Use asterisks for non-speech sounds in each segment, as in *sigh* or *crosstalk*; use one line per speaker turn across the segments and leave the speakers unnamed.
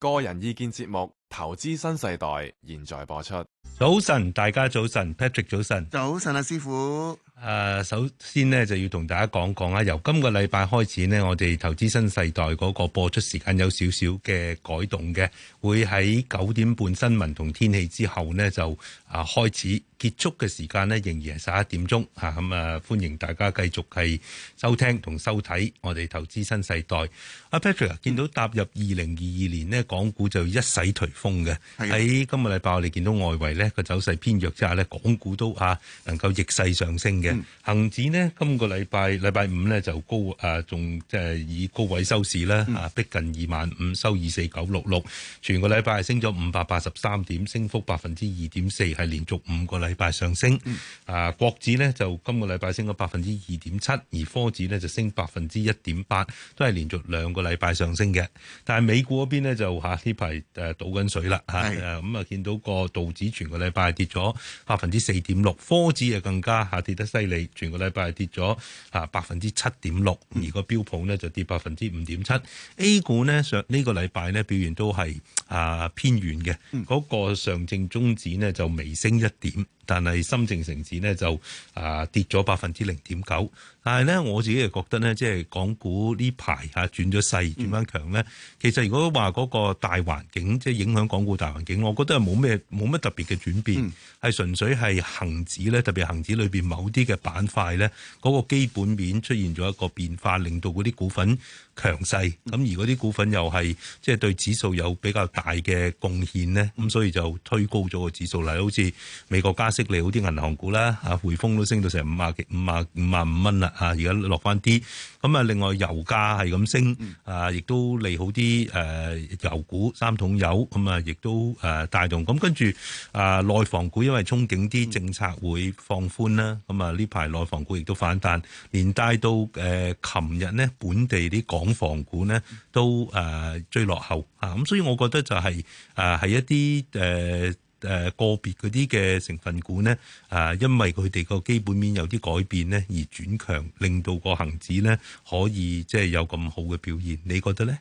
個人意見節目《投資新世代》現在播出。早晨，大家早晨，Patrick 早晨。早晨啊，師傅。誒、呃，首先呢，就要同大家講講啊，由今個禮拜開始呢，我哋投資新世代嗰個播出時間有少少嘅改動嘅，會喺九點半新聞同天氣之後呢，就啊開始，結束嘅時間呢仍然係十一點鐘吓，咁啊，啊歡迎大家繼續係收聽同收睇我哋投資新世代啊。Patrick 見到踏入二零二二年呢，港股就一洗頹風嘅，喺今個禮拜我哋見到外圍。咧個走勢偏弱之下咧，港股都啊能夠逆勢上升嘅、嗯。恒指呢，今個禮拜禮拜五呢就高啊，仲即係以高位收市啦、嗯，啊逼近二萬五，收二四九六六。全個禮拜升咗五百八十三點，升幅百分之二點四，係連續五個禮拜上升。啊，國指呢，就今個禮拜升咗百分之二點七，而科指呢，就升百分之一點八，都係連續兩個禮拜上升嘅。但係美股嗰邊呢，就下呢排誒倒緊水啦，啊咁啊，啊見到個道指。全個禮拜跌咗百分之四點六，科指又更加下跌得犀利，全個禮拜跌咗啊百分之七點六，而個標普呢就跌百分之五點七，A 股呢上呢個禮拜呢表現都係啊偏軟嘅，嗰、那個上證綜指呢就微升一點。但係深證成指咧就啊跌咗百分之零點九，但係咧我自己又覺得咧，即係港股呢排吓轉咗勢，嗯、轉翻強咧。其實如果話嗰個大環境，即係影響港股大環境，我覺得係冇咩冇乜特別嘅轉變，係、嗯、純粹係恒指咧，特別恒指裏邊某啲嘅板塊咧，嗰、嗰個基本面出現咗一個變化，令到嗰啲股份強勢，咁而嗰啲股份又係即係對指數有比較大嘅貢獻咧，咁所以就推高咗個指數，例如好似美國加息。即利好啲銀行股啦，啊，匯豐都升到成五啊五啊五萬五蚊啦，啊，而家落翻啲，咁啊，另外油價係咁升，啊，亦都利好啲誒油股三桶油，咁啊，亦都誒帶動，咁跟住啊內房股，因為憧憬啲政策會放寬啦，咁啊呢排內房股亦都反彈，連帶到誒琴日呢本地啲港房股呢都誒追落後，啊，咁所以我覺得就係啊係一啲誒。誒個別嗰啲嘅成分股呢，啊，因為佢哋個基本面有啲改變呢，而轉強，令到個恆指呢可以即係有咁好嘅表現，你覺得呢？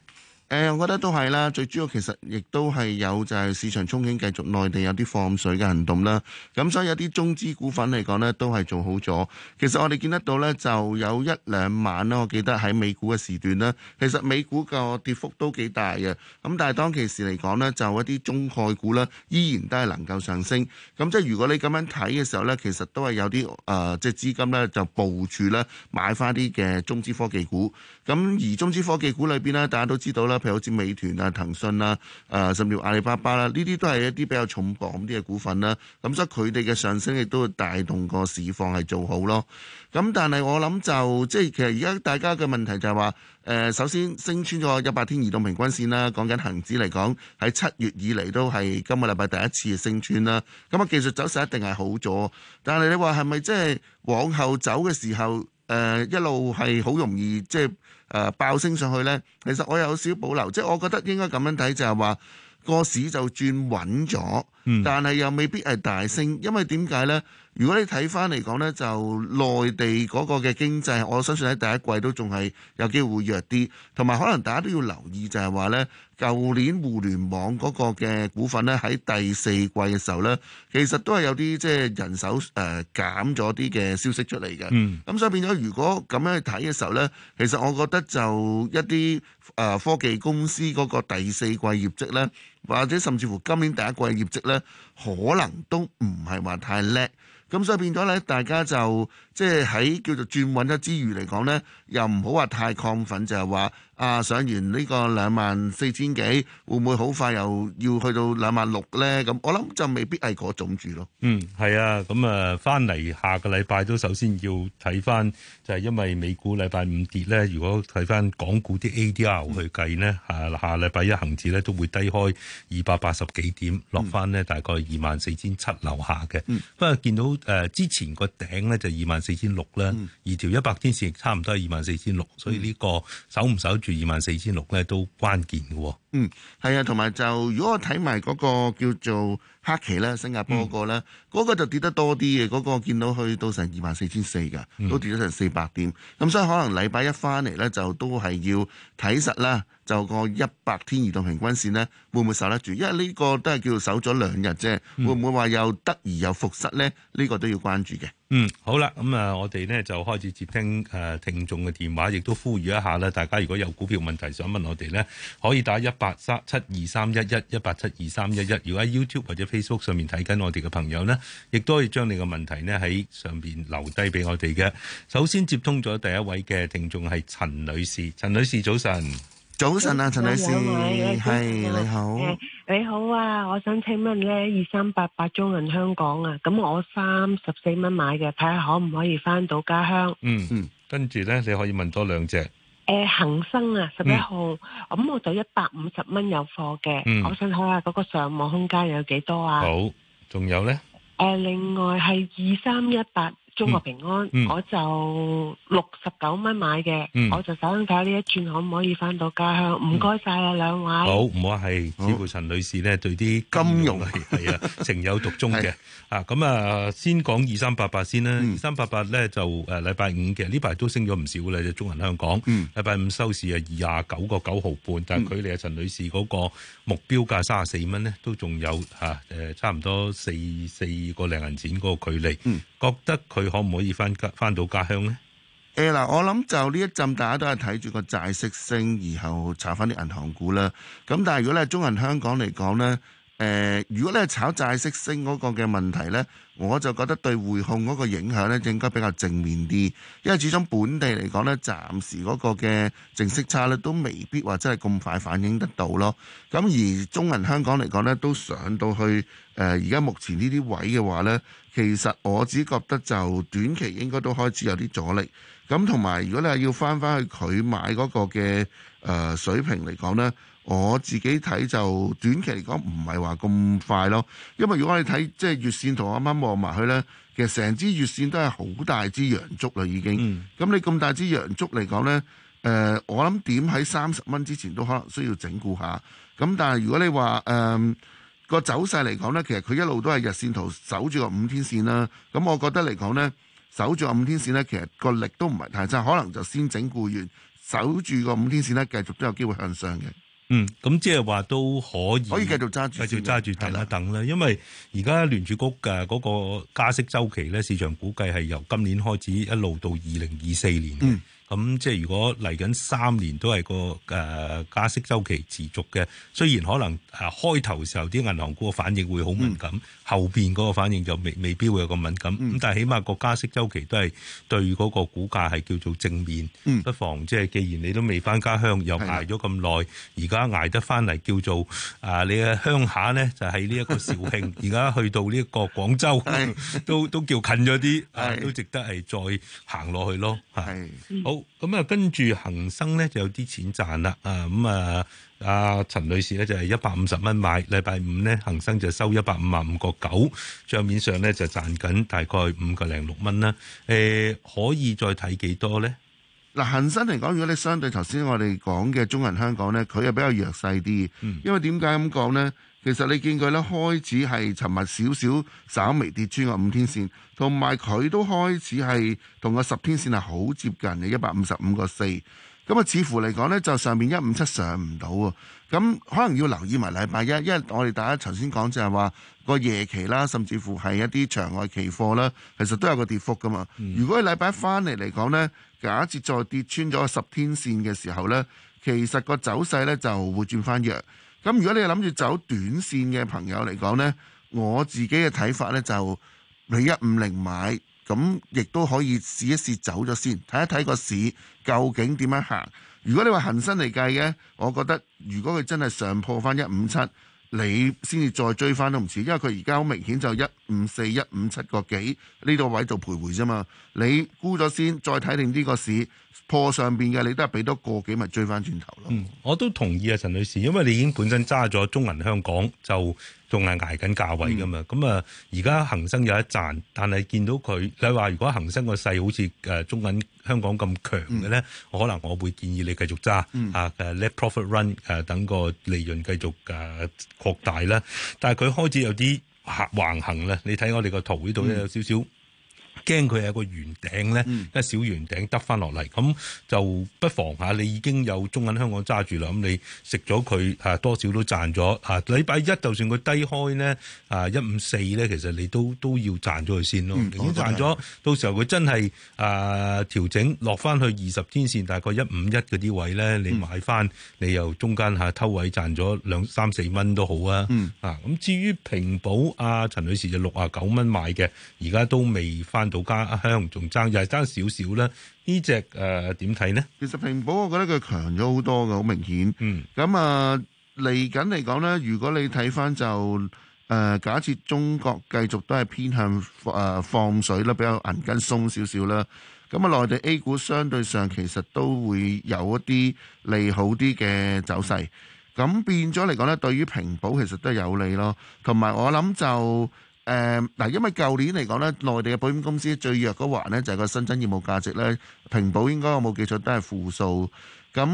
誒，我覺得都係啦。最主要其實亦都係有就係市場憧憬繼續，內地有啲放水嘅行動啦。咁所以有啲中資股份嚟講呢，都係做好咗。其實我哋見得到呢，就有一兩晚啦。我記得喺美股嘅時段呢，其實美股個跌幅都幾大嘅。咁但係當其時嚟講呢，就一啲中概股呢，依然都係能夠上升。咁即係如果你咁樣睇嘅時候呢，其實都係有啲誒、呃、即係資金呢，就部署呢買翻啲嘅中資科技股。咁而中資科技股裏邊呢，大家都知道啦。譬如好似美團啊、騰訊啦、誒甚至乎阿里巴巴啦，呢啲都係一啲比較重磅啲嘅股份啦。咁所以佢哋嘅上升亦都會帶動個市況係做好咯。咁但係我諗就即係其實而家大家嘅問題就係話誒，首先升穿咗一百天移動平均線啦。講緊恒指嚟講，喺七月以嚟都係今個禮拜第一次升穿啦。咁啊技術走勢一定係好咗，但係你話係咪即係往後走嘅時候誒一路係好容易即係？就是誒、呃、爆升上去呢，其實我有少少保留，即係我覺得應該咁樣睇，就係話個市就轉穩咗，嗯，但係又未必係大升，因為點解呢？如果你睇翻嚟講呢，就內地嗰個嘅經濟，我相信喺第一季都仲係有機會弱啲。同埋可能大家都要留意就，就係話呢舊年互聯網嗰個嘅股份呢，喺第四季嘅時候呢，其實都係有啲即係人手誒減咗啲嘅消息出嚟嘅。嗯，咁所以變咗，如果咁樣去睇嘅時候呢，其實我覺得就一啲科技公司嗰個第四季業績呢，或者甚至乎今年第一季業績呢，可能都唔係話太叻。咁所以變咗咧，大家就。即係喺叫做轉穩咗之餘嚟講咧，又唔好話太亢奮，就係話啊上完呢個兩萬四千幾，會唔會好快又要去到兩萬六咧？咁我諗就未必係嗰種住咯。嗯，係啊，
咁啊翻嚟下個禮拜都首先要睇翻，就係因為美股禮拜五跌咧，如果睇翻港股啲 ADR 去計咧、嗯，下下禮拜一恆指咧都會低開二百八十幾點，落翻咧大概二萬四千七樓下嘅。不、嗯、過見到誒之前個頂咧就二萬。四千六咧，二條一百天線差唔多係二萬四千六，所以呢個守唔守住二萬四千六咧都關鍵嘅。
嗯，係啊，同埋就如果我睇埋嗰個叫做黑期啦，新加坡嗰個啦，嗯，嗰個就跌得多啲嘅，嗰個見到去到成二萬四千四噶，都跌咗成四百點。咁所以可能禮拜一翻嚟咧，就都係要睇實啦。就個一百天移動平均線咧，會唔會守得住？因為呢個都係叫做守咗兩日啫，會唔會話又得而又復失咧？呢個都要關注嘅。
嗯，好啦，咁啊，我哋咧就開始接聽誒聽眾嘅電話，亦都呼籲一下啦，大家如果有股票問題想問我哋咧，可以打一 1-。八三七二三一一一八七二三一一，如果喺 YouTube 或者 Facebook 上面睇緊我哋嘅朋友呢，亦都可以將你嘅問題呢喺上邊留低俾我哋嘅。首先接通咗第一位嘅聽眾係陳女士，陳女士，早晨，
早晨啊，陳女士，係你好，你好啊，我想請問呢二三八八中銀香港啊，咁我三十四蚊買嘅，睇下可唔可以翻到家鄉？嗯
嗯，跟住呢，你可以問多兩隻。誒、呃，恒生啊，十一號，咁、嗯、我就一百五十蚊有貨嘅、嗯，我想睇下嗰個上網空間有幾多啊？好，仲有呢？誒、呃，另外係二三一八。中國平安，嗯嗯、我就六十九蚊買嘅、嗯，我就想睇下呢一串可唔可以翻到家鄉。唔該晒啊，兩位。好唔好啊？係似乎陳女士呢對啲金融係啊， *laughs* 情有獨鍾嘅。啊，咁啊，先講二三八八先啦。二三八八咧就誒禮拜五嘅呢排都升咗唔少啦。就中銀香港，禮、嗯、拜五收市啊二廿九個九毫半，但係距離啊陳女士嗰個目標價卅四蚊呢，都仲有吓誒、啊、差唔多四四個零銀錢嗰個距離。嗯覺得佢可唔可以翻家翻到家鄉呢？
誒、欸、嗱，我諗就呢一陣，大家都係睇住個債息升，然後查翻啲銀行股啦。咁但係如果咧，中銀香港嚟講咧。誒、呃，如果你係炒債息升嗰個嘅問題呢，我就覺得對匯控嗰個影響呢，應該比較正面啲，因為始終本地嚟講呢，暫時嗰個嘅淨息差呢都未必話真係咁快反映得到咯。咁而中銀香港嚟講呢都上到去，誒而家目前呢啲位嘅話呢，其實我只覺得就短期應該都開始有啲阻力。咁同埋如果你係要翻翻去佢買嗰個嘅誒水平嚟講呢。我自己睇就短期嚟講唔係話咁快咯，因為如果你睇即係月線圖啱啱望埋去呢，其實成支月線都係好大支陽燭啦，已經。咁、嗯、你咁大支陽燭嚟講呢，誒、呃，我諗點喺三十蚊之前都可能需要整固下。咁但係如果你話誒個走勢嚟講呢，其實佢一路都係日線圖守住個五天線啦。咁我覺得嚟講呢，守住個五天線呢，其實個力都唔係太差，可能就先整固完，守住個五天線呢，繼續都有機會向上嘅。嗯，咁即係話都可
以，可以繼續揸住，繼續揸住等一等啦。因為而家聯儲局嘅嗰個加息周期咧，市場估計係由今年開始一路到二零二四年嘅。咁即係如果嚟緊三年都係個誒、呃、加息周期持續嘅，雖然可能誒、啊、開頭時候啲銀行股嘅反應會好敏感，嗯、後邊嗰個反應就未未必會有咁敏感。咁、嗯、但係起碼個加息周期都係對嗰個股價係叫做正面。嗯、不妨即係既然你都未翻家鄉又挨咗咁耐，而家挨得翻嚟叫做啊、呃、你嘅鄉下咧就喺呢一個肇慶而家去到呢一個廣州都都叫近咗啲、啊，都值得係再行落去咯。係好。咁啊，跟住恒生咧就有啲錢賺啦，啊，咁啊，阿陳女士咧就係一百五十蚊買，禮拜五咧恒生就收一百五啊五個九，賬面上咧就賺緊大概五個零六蚊啦，誒、啊，可以再睇幾多咧？
嗱，恒生嚟講，如果你相對頭先我哋講嘅中銀香港咧，佢又比較弱勢啲、嗯，因為點解咁講咧？其實你見佢咧開始係尋日少少稍微跌穿個五天線，同埋佢都開始係同個十天線係好接近嘅，一百五十五個四，咁啊似乎嚟講咧就上面一五七上唔到喎。咁可能要留意埋禮拜一，因為我哋大家頭先講就係話個夜期啦，甚至乎係一啲場外期貨啦，其實都有個跌幅噶嘛。如果禮拜一翻嚟嚟講咧，假設再跌穿咗個十天線嘅時候咧，其實個走勢咧就會轉翻弱。咁如果你諗住走短線嘅朋友嚟講呢，我自己嘅睇法呢就，你一五零買，咁亦都可以試一試走咗先，睇一睇個市究竟點樣行。如果你話恒生嚟計嘅，我覺得如果佢真係上破翻一五七，你先至再追翻都唔遲，因為佢而家好明顯就一 1-。五四一五七個幾呢、這個位做徘徊啫嘛？你沽咗先，再睇定呢個市破上邊嘅，你都係俾多個幾，咪追翻轉頭
咯、嗯。我都同意啊，陳女士，因為你已經本身揸咗中銀香港，就仲係捱緊價位噶嘛。咁、嗯、啊，而家恒生有一賺，但係見到佢你話，如果恒生個勢好似誒中銀香港咁強嘅咧，我、嗯、可能我會建議你繼續揸啊，誒、嗯 uh, let profit run 誒，等個利潤繼續誒、uh, 擴大啦。但係佢開始有啲。橫行啦！你睇我哋個圖呢度咧有少少。驚佢係個圓頂咧、嗯，一小圓頂得翻落嚟，咁就不妨下、啊。你已經有中銀香港揸住啦，咁你食咗佢嚇多少都賺咗嚇。禮、啊、拜一就算佢低開呢，啊一五四咧，其實你都都要賺咗佢先咯、嗯。如果賺咗，到時候佢真係啊調整落翻去二十天線大概一五一嗰啲位咧，你買翻、嗯、你由中間嚇、啊、偷位賺咗兩三四蚊都好啊。嗯、啊咁至於平保阿、啊、陳女士就六啊九蚊買嘅，而家都未翻。到家鄉仲爭又係爭少少啦，呢隻誒點睇呢？其
實平保我覺得佢強咗好多嘅，好明顯。嗯，咁啊嚟緊嚟講呢，如果你睇返就誒、呃，假設中國繼續都係偏向誒、呃、放水啦，比較銀根鬆少少啦，咁啊內地 A 股相對上其實都會有一啲利好啲嘅走勢，咁變咗嚟講呢，對於平保其實都係有利咯。同埋我諗就。誒嗱，因為舊年嚟講咧，內地嘅保險公司最弱嗰環咧，就係個新增業務價值咧，平保應該我冇記錯都係負數。咁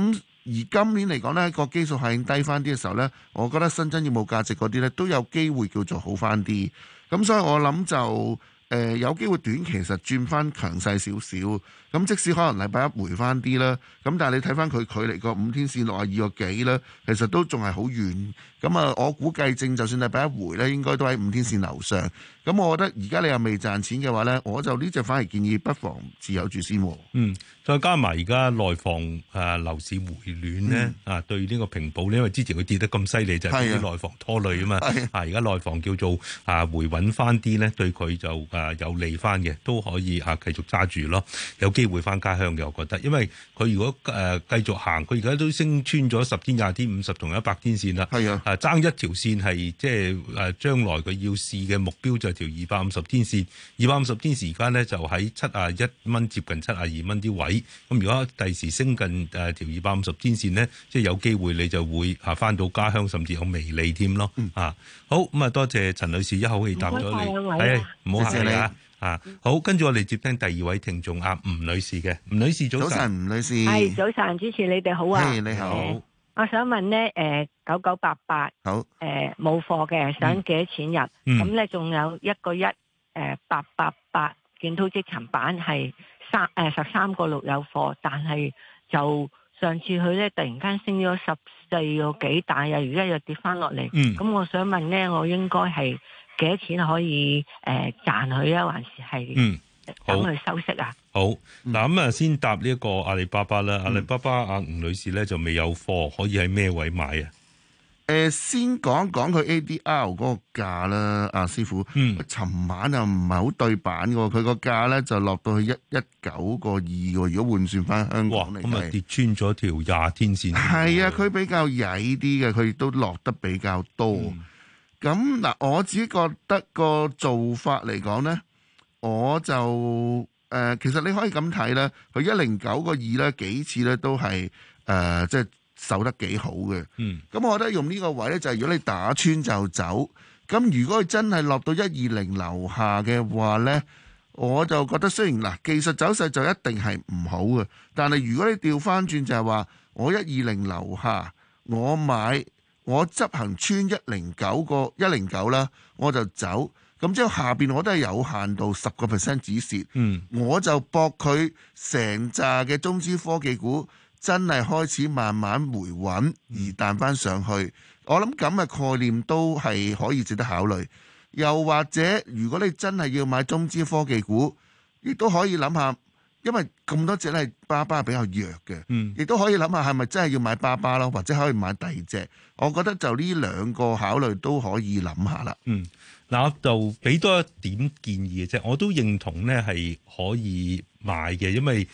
而今年嚟講咧，個基數係低翻啲嘅時候咧，我覺得新增業務價值嗰啲咧都有機會叫做好翻啲。咁所以我諗就誒有機會短期實轉翻強勢少少。咁即使可能禮拜一回翻啲啦，咁但係你睇翻佢距離個五天線六啊二個幾咧，其實都仲係好遠。咁啊，我估計正就算禮拜一回咧，應該都喺五天線樓上。咁我覺得而家你又未賺錢嘅話咧，我就呢隻反而建議不妨持有住先。嗯，再加埋而家內
房啊、呃、樓市回暖咧、嗯，啊對呢個平保咧，因為之前佢跌得咁犀利就係俾內房拖累嘛啊嘛。啊，而家內房叫做啊、呃、回穩翻啲咧，對佢就、呃、有利翻嘅，都可以啊繼續揸住咯，有機會翻家鄉嘅，我覺得，因為佢如果誒繼續行，佢而家都升穿咗十天、廿天、五十同一百天線啦。係啊，爭一條線係，即係誒將來佢要試嘅目標就係條二百五十天線。二百五十天時間咧，就喺七啊一蚊接近七啊二蚊啲位。咁如果第時升近誒條二百五十天線咧，即係有機會你就會下翻到家鄉，甚至好微利添咯、嗯。啊，好咁啊，多謝陳女士一口氣答咗你，唔好客氣啊。謝謝你啊，好，跟住我嚟接聽第二位聽眾啊，吳女士嘅，吳女士早晨，吳女士係
早晨，主持你哋好啊，hey, 你好、呃，我想問呢，誒九九八八好，誒冇貨嘅，想幾多錢入？咁、嗯、呢，仲、嗯、有一個一、呃，誒八八八建滔積層板係三誒十三個六有貨，但係就上次佢呢，突然間升咗十四個幾，但係而家又跌翻落嚟，咁、嗯嗯、我想問呢，我應該係？幾多錢可以誒
賺佢啊？還是係等佢收息啊、嗯？好嗱，咁啊、嗯、先答呢一個阿里巴巴啦、嗯。阿里巴巴，阿吳女士咧就未有貨，可以喺咩位買、呃、說
說啊？誒，先講講佢 ADR 嗰個價啦，阿師傅。嗯，尋晚又唔係好對版嘅，佢個價咧就落到去一一九個二。如果換算翻香港嚟計，咁啊跌穿咗條廿天線。係啊，佢比較曳啲嘅，佢亦都落得比較多。嗯咁嗱，我自己覺得個做法嚟講呢，我就、呃、其實你可以咁睇呢佢一零九個二呢幾次呢都係、呃、即係守得幾好嘅。嗯，咁我覺得用呢個位呢，就係、是、如果你打穿就走。咁如果真係落到一二零樓下嘅話呢，我就覺得雖然嗱技術走勢就一定係唔好嘅，但係如果你調翻轉就係話我一二零樓下我買。我執行穿一零九個一零九啦，我就走，咁之後下邊我都係有限度，十個 percent 止蝕，我就博佢成扎嘅中資科技股真係開始慢慢回穩而彈翻上去。我諗咁嘅概念都係可以值得考慮，又或者如果你真係要買中資科技股，亦都可以諗下。因為咁多隻咧，巴巴比較弱嘅，亦、嗯、都可以諗下係咪真係要買巴巴咯，或者可以買第二隻。我覺得就呢兩個考慮都可以諗下啦。嗯，嗱，我就俾多一點建議嘅即係。我都
認同咧，係可以買嘅，因為誒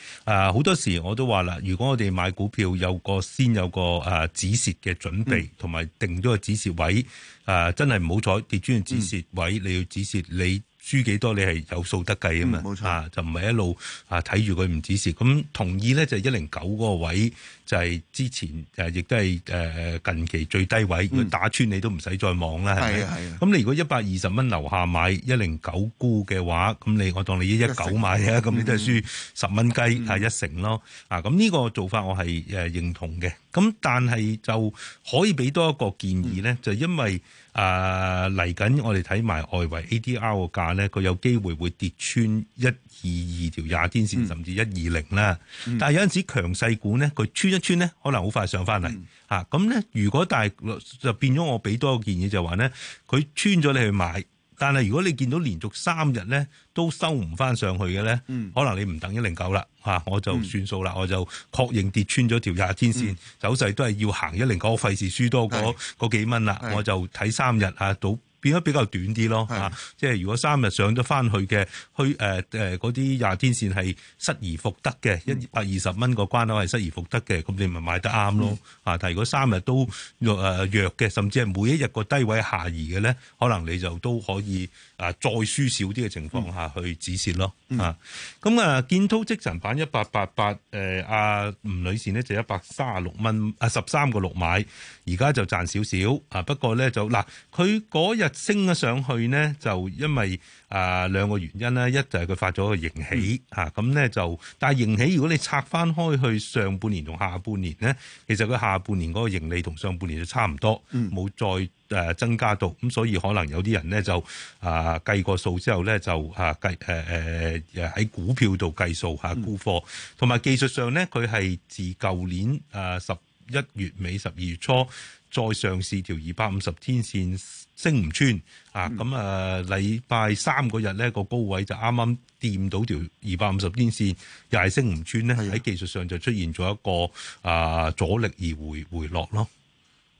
好、呃、多時候我都話啦，如果我哋買股票有個先有個誒、呃、止蝕嘅準備，同、嗯、埋定咗個止蝕位誒、呃，真係唔好彩跌穿止蝕位、嗯，你要止蝕你。輸幾多你係有數得計啊嘛、嗯，冇錯，啊就唔係一路啊睇住佢唔止蝕，咁同意咧就係一零九嗰個位。就係、是、之前誒，亦都係誒近期最低位，如果打穿你都唔使再望啦，係、嗯、咪？咁你如果一百二十蚊樓下買一零九沽嘅話，咁你我當你一一九買啊，咁你都係輸十蚊雞係、嗯、一成咯。啊，咁呢個做法我係誒認同嘅。咁但係就可以俾多一個建議咧、嗯，就係因為啊嚟緊我哋睇埋外圍 ADR 嘅價咧，佢有機會會跌穿一二二條廿天線、嗯、甚至一二零啦，但係有陣時強勢股咧，佢穿一穿咧，可能好快上翻嚟嚇，咁咧，如果大就變咗，我俾多個建議就係話咧，佢穿咗你去買，但係如果你見到連續三日咧都收唔翻上去嘅咧，可能你唔等一零九啦嚇，我就算數啦、嗯，我就確認跌穿咗條廿天線、嗯、走勢都係要行一零九，我費事輸多嗰幾蚊啦，我就睇三日嚇到。啊變得比較短啲咯，嚇、啊！即係如果三日上咗翻去嘅，去誒誒嗰啲廿天線係失而復得嘅，一百二十蚊個關口係失而復得嘅，咁你咪買得啱咯，嚇、嗯啊！但係如果三日都弱誒、呃、弱嘅，甚至係每一日個低位下移嘅咧，可能你就都可以啊、呃、再輸少啲嘅情況下去止蝕咯，嚇、嗯！咁啊，建滔積層板一八八八，誒阿吳女士呢就一百三十六蚊啊十三個六買，而家就賺少少啊，不過咧就嗱佢嗰日。啊升咗上去呢，就因為啊兩個原因啦，一就係佢發咗個盈起啊，咁呢就，但係盈起如果你拆翻開去上半年同下半年呢，其實佢下半年嗰個盈利同上半年就差唔多，冇再誒增加到，咁、嗯、所以可能有啲人呢，就啊計過數之後呢，就啊計誒誒喺股票度計數吓沽貨，同、啊、埋技術上呢，佢係自舊年誒十。啊一月尾，十二月初再上試條二百五十天線升唔穿、嗯、啊！咁啊，禮拜三嗰日呢個高位就啱啱掂到條二百五十天線，又係升唔穿呢，喺技術上就出現咗一個
啊阻力而回回落咯。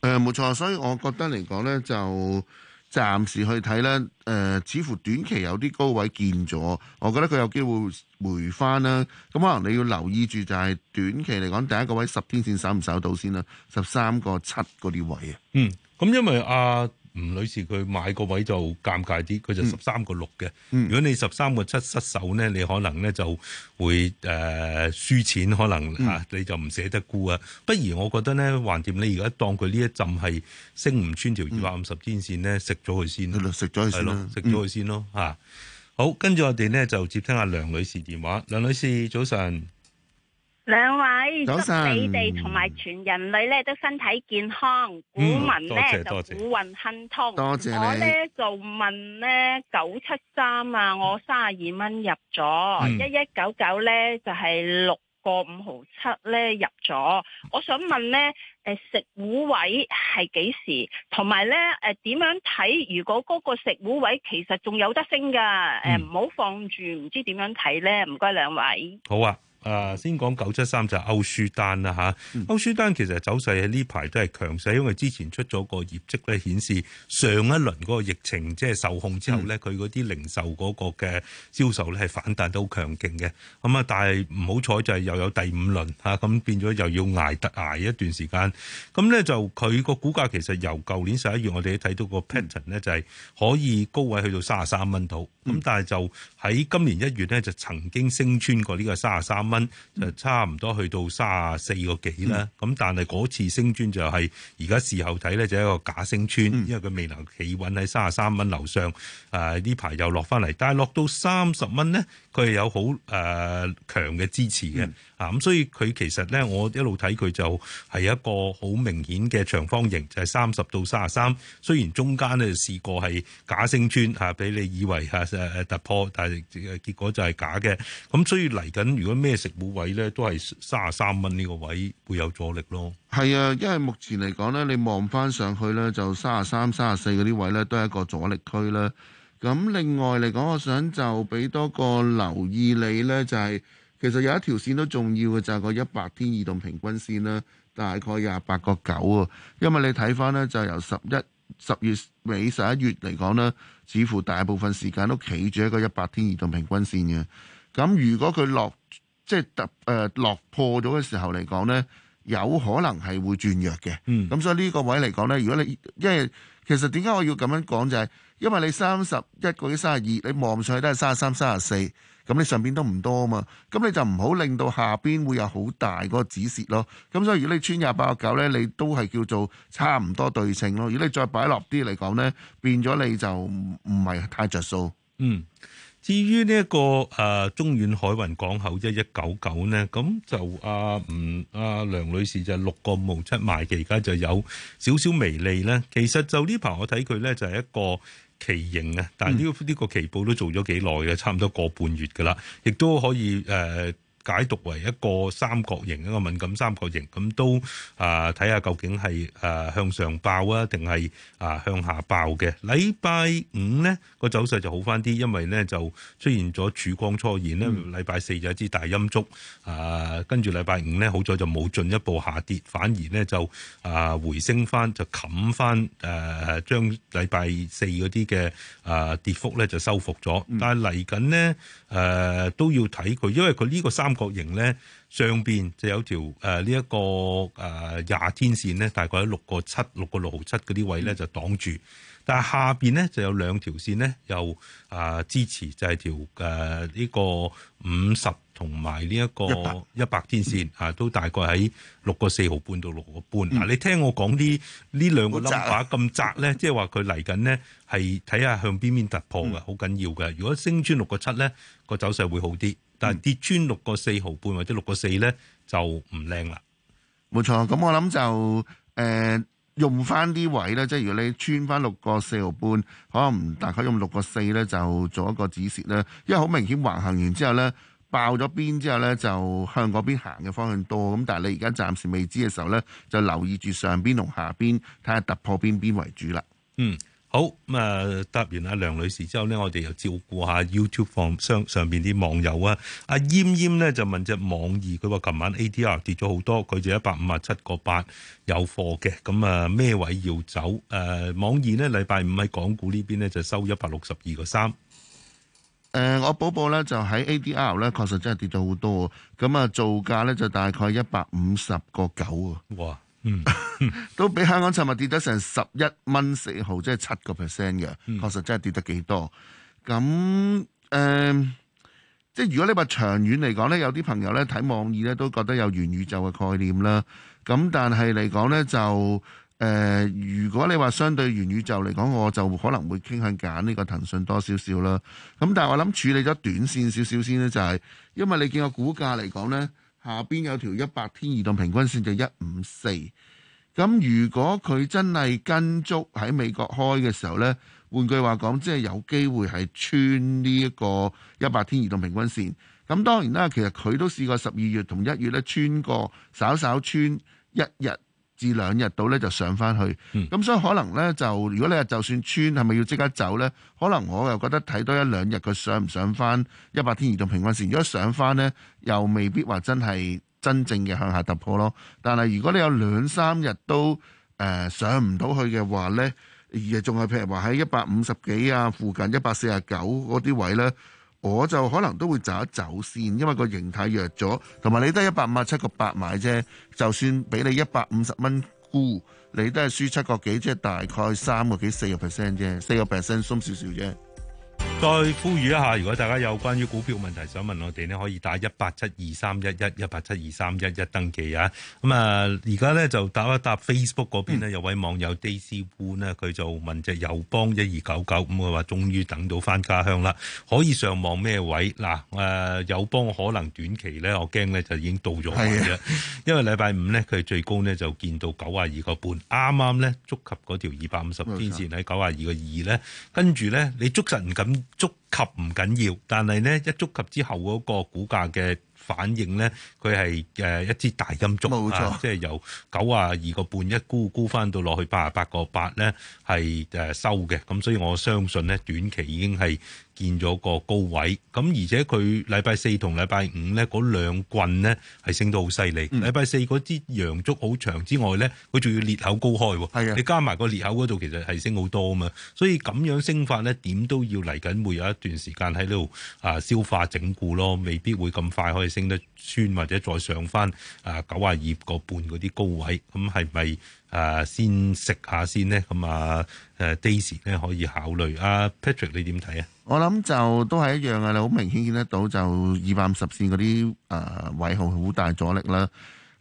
誒、呃，冇錯，所以我覺得嚟講呢就。暫時去睇咧，誒、呃、似乎短期有啲高位見咗，我覺得佢有機會回翻啦。咁、嗯、可能你要留意住就係短期嚟講，第一個位十天線守唔守到先啦，十三個七嗰啲位啊。
嗯，咁、嗯、因為阿、呃吳女士佢買個位就尷尬啲，佢就十三個六嘅。如果你十三個七失手咧，你可能咧就會誒輸、呃、錢，可能嚇、嗯啊、你就唔捨得沽啊。不如我覺得咧，橫掂你而家當佢呢一陣係升唔穿條二百五十天線咧，食咗佢先，食咗佢先咯，食咗佢先咯嚇、嗯啊。好，跟住我哋咧就接聽阿梁女士電話。梁女士早晨。
兩位祝你哋同埋全人類咧都身體健康，股民咧、嗯、就股運亨通。多謝你。我咧就問咧九七三啊，我三十二蚊入咗一一九九咧就係六個五毫七咧入咗。我想問咧，誒食糊位係幾時？同埋咧，誒、呃、點樣睇？如果嗰個食糊位其實仲有得升噶誒唔好放住，唔知點樣睇咧？唔該兩位。
好啊。誒先講九七三就係歐舒丹啦嚇，歐舒丹其實走勢喺呢排都係強勢，因為之前出咗個業績咧顯示上一輪嗰個疫情即係受控之後咧，佢嗰啲零售嗰個嘅銷售咧係反彈都好強勁嘅。咁啊，但係唔好彩就係又有第五輪嚇，咁變咗又要捱得捱一段時間。咁咧就佢個股價其實由舊年十一月我哋睇到個 pattern 咧，就係可以高位去到三十三蚊度。咁但係就喺今年一月咧就曾經升穿過呢個三十三蚊就差唔多去到卅四個幾啦，咁、嗯、但係嗰次升穿就係而家事後睇咧，就係一個假升穿，嗯，因為佢未能企穩喺卅三蚊樓上。誒呢排又落翻嚟，但係落到三十蚊咧，佢係有好誒強嘅支持嘅。啊、嗯、咁，所以佢其實咧，我一路睇佢就係一個好明顯嘅長方形，就係三十到卅三。雖然中間咧試過係假升穿吓，俾你以為吓誒突破，但係結果就係假嘅。咁所以嚟緊如果咩？食冇位咧，都係三十三蚊呢個位會有阻力咯。
係啊，因為目前嚟講咧，你望翻上去咧，就三十三、三十四嗰啲位咧，都係一個阻力區啦。咁另外嚟講，我想就俾多個留意你咧，就係其實有一條線都重要嘅，就係個一百天移動平均線啦，大概廿八個九啊。因為你睇翻咧，就由十一十月尾十一月嚟講咧，似乎大部分時間都企住一個一百天移動平均線嘅。咁如果佢落，即係突誒落破咗嘅時候嚟講呢，有可能係會轉弱嘅。咁、嗯、所以呢個位嚟講呢，如果你因為其實點解我要咁樣講就係、是、因為你三十一個月三十二，你望上去都係三十三、三十四，咁你上邊都唔多啊嘛。咁你就唔好令到下邊會有好大嗰個止蝕咯。咁所以如果你穿廿八啊九呢，你都係叫做差唔多對稱咯。如果你再擺落啲嚟講呢，變咗你就唔係太着數。嗯。至於呢、這、一個
誒、呃、中遠海運港口一一九九呢，咁就阿吳阿梁女士就六個七出賣期而家就有少少微利咧。其實就呢排我睇佢咧就係一個奇形啊，但呢呢、這個這個奇報都做咗幾耐嘅，差唔多個半月㗎喇，亦都可以誒。呃解讀為一個三角形，一個敏感三角形，咁都啊睇下究竟係啊向上爆啊，定係啊向下爆嘅。禮拜五呢個走勢就好翻啲，因為呢就出現咗曙光初現呢。禮拜四就一支大陰燭啊，跟住禮拜五呢好在就冇進一步下跌，反而呢就啊回升翻，就冚翻誒將禮拜四嗰啲嘅啊跌幅咧就收復咗。但係嚟緊呢。誒、呃、都要睇佢，因為，佢呢個三角形咧。上邊就有條誒呢一個誒廿、呃、天線咧，大概喺六個七、六個六毫七嗰啲位咧就擋住，但係下邊咧就有兩條線咧又誒、呃、支持就係，就係條誒呢個五十同埋呢一個一百天線啊，都大概喺六個四毫半到六個半。嗱、嗯啊，你聽我講啲呢兩個冧把咁窄咧，即係話佢嚟緊咧係睇下看看向邊邊突破嘅，好緊要嘅。如果升穿六個七咧，個走勢會好啲。但係跌穿六個四毫半或者六個四咧就唔靚啦，
冇錯。咁我諗就誒、呃、用翻啲位咧，即係如果你穿翻六個四毫半，可能大概用六個四咧就做一個止蝕啦。因為好明顯橫行完之後咧爆咗邊之後咧就向嗰邊行嘅方向多。咁但係你而家暫時未知嘅時候咧，就留意住上邊同下邊睇下突破邊邊為主啦。嗯。
好咁啊、嗯！答完阿梁女士之後呢，我哋又照顧下 YouTube 上上邊啲網友啊！阿奄奄呢，就問隻網易，佢話琴晚 ADR 跌咗好多，佢就一百五啊七個八有貨嘅，咁啊咩位要走？誒、呃，網二
網易咧禮拜五喺港股呢邊呢，就收一百六十二個三。誒、呃，我寶寶呢，就喺 ADR 呢，確實真係跌咗好多，咁啊造價呢，就大概一百五十個九啊。哇嗯嗯、 *laughs* 都比香港尋日跌得成十一蚊四毫，即係七個 percent 嘅，確實真係跌得幾多。咁誒、呃，即係如果你話長遠嚟講呢，有啲朋友呢，睇網易呢，都覺得有元宇宙嘅概念啦。咁但係嚟講呢，就、呃、誒，如果你話相對元宇宙嚟講，我就可能會傾向揀呢個騰訊多少少啦。咁但係我諗處理咗短線少少先呢，就係、是、因為你見個股價嚟講呢。下邊有條一百天移動平均線就一五四，咁如果佢真係跟足喺美國開嘅時候呢，換句話講，即係有機會係穿呢一個一百天移動平均線。咁、就是就是、當然啦，其實佢都試過十二月同一月呢，穿過，稍稍穿一日。至兩日到咧就上翻去，咁、嗯、所以可能呢，就，如果你話就算穿係咪要即刻走呢？可能我又覺得睇多一兩日佢上唔上翻一百天移動平均線，如果上翻呢，又未必話真係真正嘅向下突破咯。但係如果你有兩三日都誒、呃、上唔到去嘅話呢，而係仲係譬如話喺一百五十幾啊附近一百四十九嗰啲位呢。我就可能都會走一走先，因為個形態弱咗，同埋你都得一百五十七個八買啫，就算俾你一百五十蚊沽，你都係輸七個幾，即係大概三個幾四個 percent 啫，四個 percent 鬆少少啫。再呼籲一下，如果大家有關於
股票問題想問我哋呢，可以打一八七二三一一一八七二三一一登記啊。咁啊，而家呢，就打一打 Facebook 嗰邊呢、嗯，有位網友 Daisy Wu 呢佢就問隻友邦一二九九，咁佢話終於等到翻家鄉啦，可以上望咩位？嗱、啊，誒、啊、友邦可能短期呢，我驚呢，就已經到咗嘅，因為禮拜五呢，佢最高呢，就見到九廿二個半，啱啱呢，觸及嗰條二百五十天線喺九廿二個二呢。跟住呢，你捉實唔敢。觸及唔緊要，但係咧一觸及之後嗰、那個股價嘅反應咧，佢係誒一支大陰燭，冇錯！即係由九啊二個半一沽沽翻到落去八啊八個八咧，係誒收嘅。咁所以我相信咧短期已經係，見咗個高位，咁而且佢禮拜四同禮拜五咧，嗰兩棍呢係升到好犀利。禮、嗯、拜四嗰支陽燭好長之外咧，佢仲要裂口高開，你加埋個裂口嗰度，其實係升好多啊嘛。所以咁樣升法咧，點都要嚟緊會有一段時間喺呢度啊消化整固咯，未必會咁快可以升得穿或者再上翻啊九啊二個半嗰啲高位。咁係咪啊先食下先呢？咁啊誒，Daisy 咧可以考慮。阿、啊、Patrick 你點睇啊？
我諗就都係一樣啊！你好明顯見得到就二百五十線嗰啲誒，位號好大阻力啦。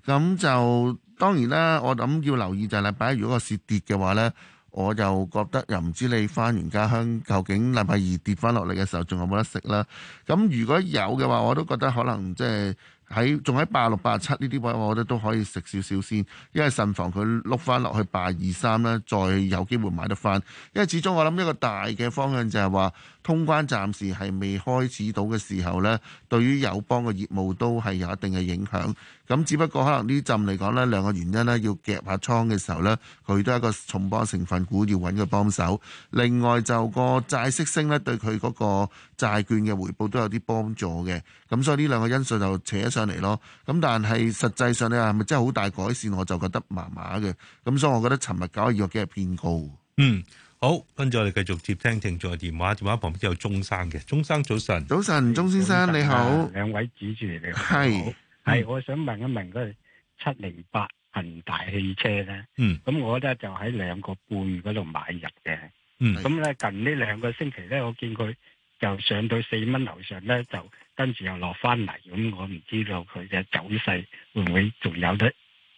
咁就當然啦，我諗要留意就係禮拜一如果個市跌嘅話呢，我就覺得又唔知你翻完家鄉究竟禮拜二下跌翻落嚟嘅時候仲有冇得食啦。咁如果有嘅話，我都覺得可能即係。喺仲喺八六八七呢啲位，我覺得都可以食少少先，因為慎防佢碌翻落去八二三呢，再有機會買得翻。因為始終我諗一個大嘅方向就係話通關暫時係未開始到嘅時候咧，對於友邦嘅業務都係有一定嘅影響，咁只不過可能呢陣嚟講咧，兩個原因咧，要夾下倉嘅時候咧，佢都係一個重磅成分股要揾個幫手。另外就個債息升咧，對佢嗰個債券嘅回報都有啲幫助嘅。咁所以呢兩個因素就扯上。嚟咯，咁但係實際上咧係咪真係好大改善？我就覺得麻麻嘅，咁所以我覺得尋日搞嘅預期係偏高。嗯，
好，跟住我哋繼續接聽聽眾電話，電話旁邊有鍾生嘅，鍾生早晨，早晨，鍾先生你好，兩位主持你好，係係、嗯，我想問一問嗰七零八恒大汽車咧，嗯，咁我咧就喺兩個半嗰度買入嘅，嗯，咁咧近呢兩個星期咧，我見佢就上到四蚊樓上咧就。跟住又落翻嚟，咁我唔知道佢嘅走勢會唔會仲有得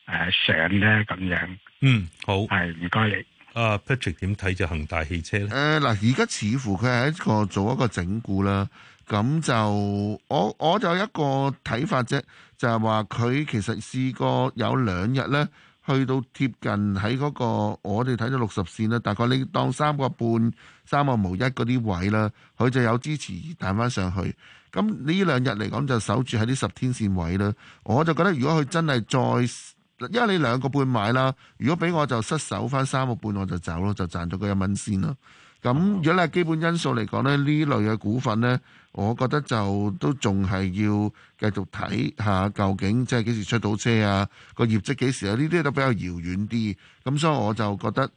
誒上咧？咁樣嗯好，係唔該你。阿、uh, Patrick 點睇就恒大汽車咧？誒、呃、嗱，而家似乎佢係一個做一個整固啦。咁就我我就有一個睇法啫，就係話佢其實試過有兩日咧，去到貼近喺嗰個我哋睇到六十線啦，大概你當三個半、三個冇一嗰啲位啦，佢就有支持彈翻上去。咁呢兩日嚟講就守住喺呢十天線位啦。我就覺得如果佢真係再，因為你兩個半買啦，如果俾我就失守翻三個半我就走咯，就賺咗佢一蚊先咯。咁如果你係基本因素嚟講咧，呢類嘅股份咧，我覺得就都仲係要繼續睇下究竟即係幾時出到車啊，個業績幾時啊？呢啲都比較遙遠啲，咁所以我就覺得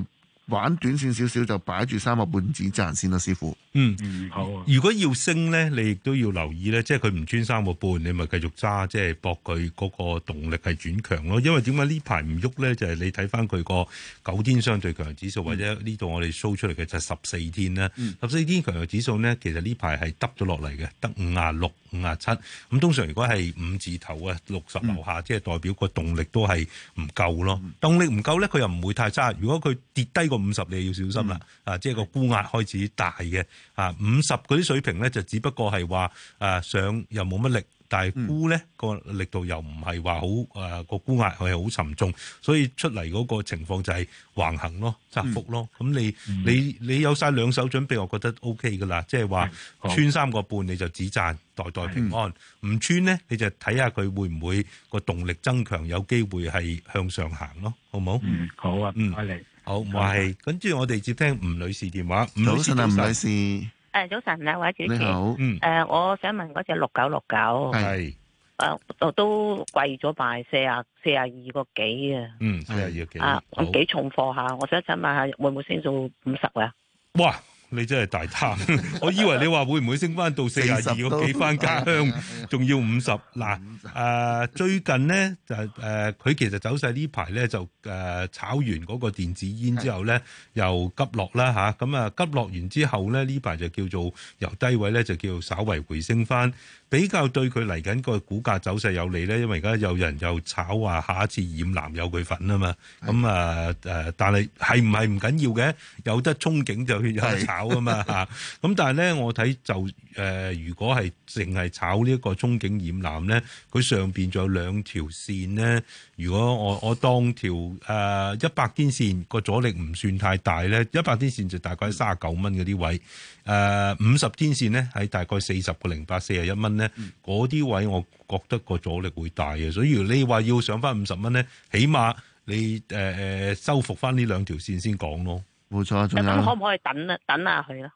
誒。玩短線少少就擺住三個半指賺先啦、啊，師傅。
嗯，嗯好、啊。
如果要升咧，你
亦都要留意咧，即係佢唔穿三個半，你咪繼續揸，即係搏佢嗰個動力係轉強咯。因為點解呢排唔喐咧？就係、是、你睇翻佢個九天相對強指數，嗯、或者呢度我哋 show 出嚟嘅就十四天啦。十、嗯、四天強嘅指數咧，其實呢排係耷咗落嚟嘅，得五啊六、五啊七。咁通常如果係五字頭啊、六十樓下，即、嗯、係、就是、代表個動力都係唔夠咯。嗯、動力唔夠咧，佢又唔會太差。如果佢跌低五、那、十、個、你要小心啦、嗯，啊，即、就、係、是、個沽壓開始大嘅，啊，五十嗰啲水平咧就只不過係話，啊，上又冇乜力，但係沽咧、嗯那個力度又唔係話好，啊，那個沽壓係好沉重，所以出嚟嗰個情況就係橫行咯，窄幅咯，咁、嗯、你你你有晒兩手準備，我覺得 O K 噶啦，即係話穿三個半你就只賺，代代平安，唔、嗯、穿咧你就睇下佢會唔會個動力增強，有機會係向上行咯，好唔好？嗯，好啊，嗯。唔該你。好，唔該，跟住我哋接聽吳女士電話。早晨啊，吳女士。
誒，早晨啊，韋主持。你好。嗯。誒，我想問嗰隻六九六九。係。誒，都貴咗埋，四啊四啊二個幾啊。嗯，四啊二個幾。
啊，我幾重
貨吓？我想想問下，會唔會升到五十啊？
哇！你真係大貪！ *laughs* 我以為你話會唔會升翻到四廿二個幾翻家鄉，仲要五十嗱？誒，最近咧就誒，佢、呃、其實走勢呢排咧就誒、呃、炒完嗰個電子煙之後咧，又急落啦嚇。咁啊，急落完之後咧，呢排就叫做由低位咧就叫做稍微回升翻。比較對佢嚟緊個股價走勢有利咧，因為而家有人又炒話下一次染藍有佢份啊嘛。咁啊、誒、但係係唔係唔緊要嘅？有得憧憬就去有得炒啊嘛嚇。咁但係咧，我睇就誒、呃，如果係淨係炒呢一個憧憬染藍咧，佢上面仲有兩條線咧。如果我我當條呃、一百天線個阻力唔算太大咧，一百天線就大概三十九蚊嗰啲位，誒五十天線咧喺大概四十個零八四十一蚊咧，嗰、嗯、啲位我覺得個阻力會大嘅，所以如果你話要上翻五十蚊咧，起碼你誒誒、呃、收復翻呢兩條線先講咯，冇錯啊，仲有，有可唔
可以等啊？等下去咯。